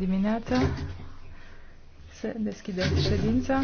dimineața. Se deschide ședința.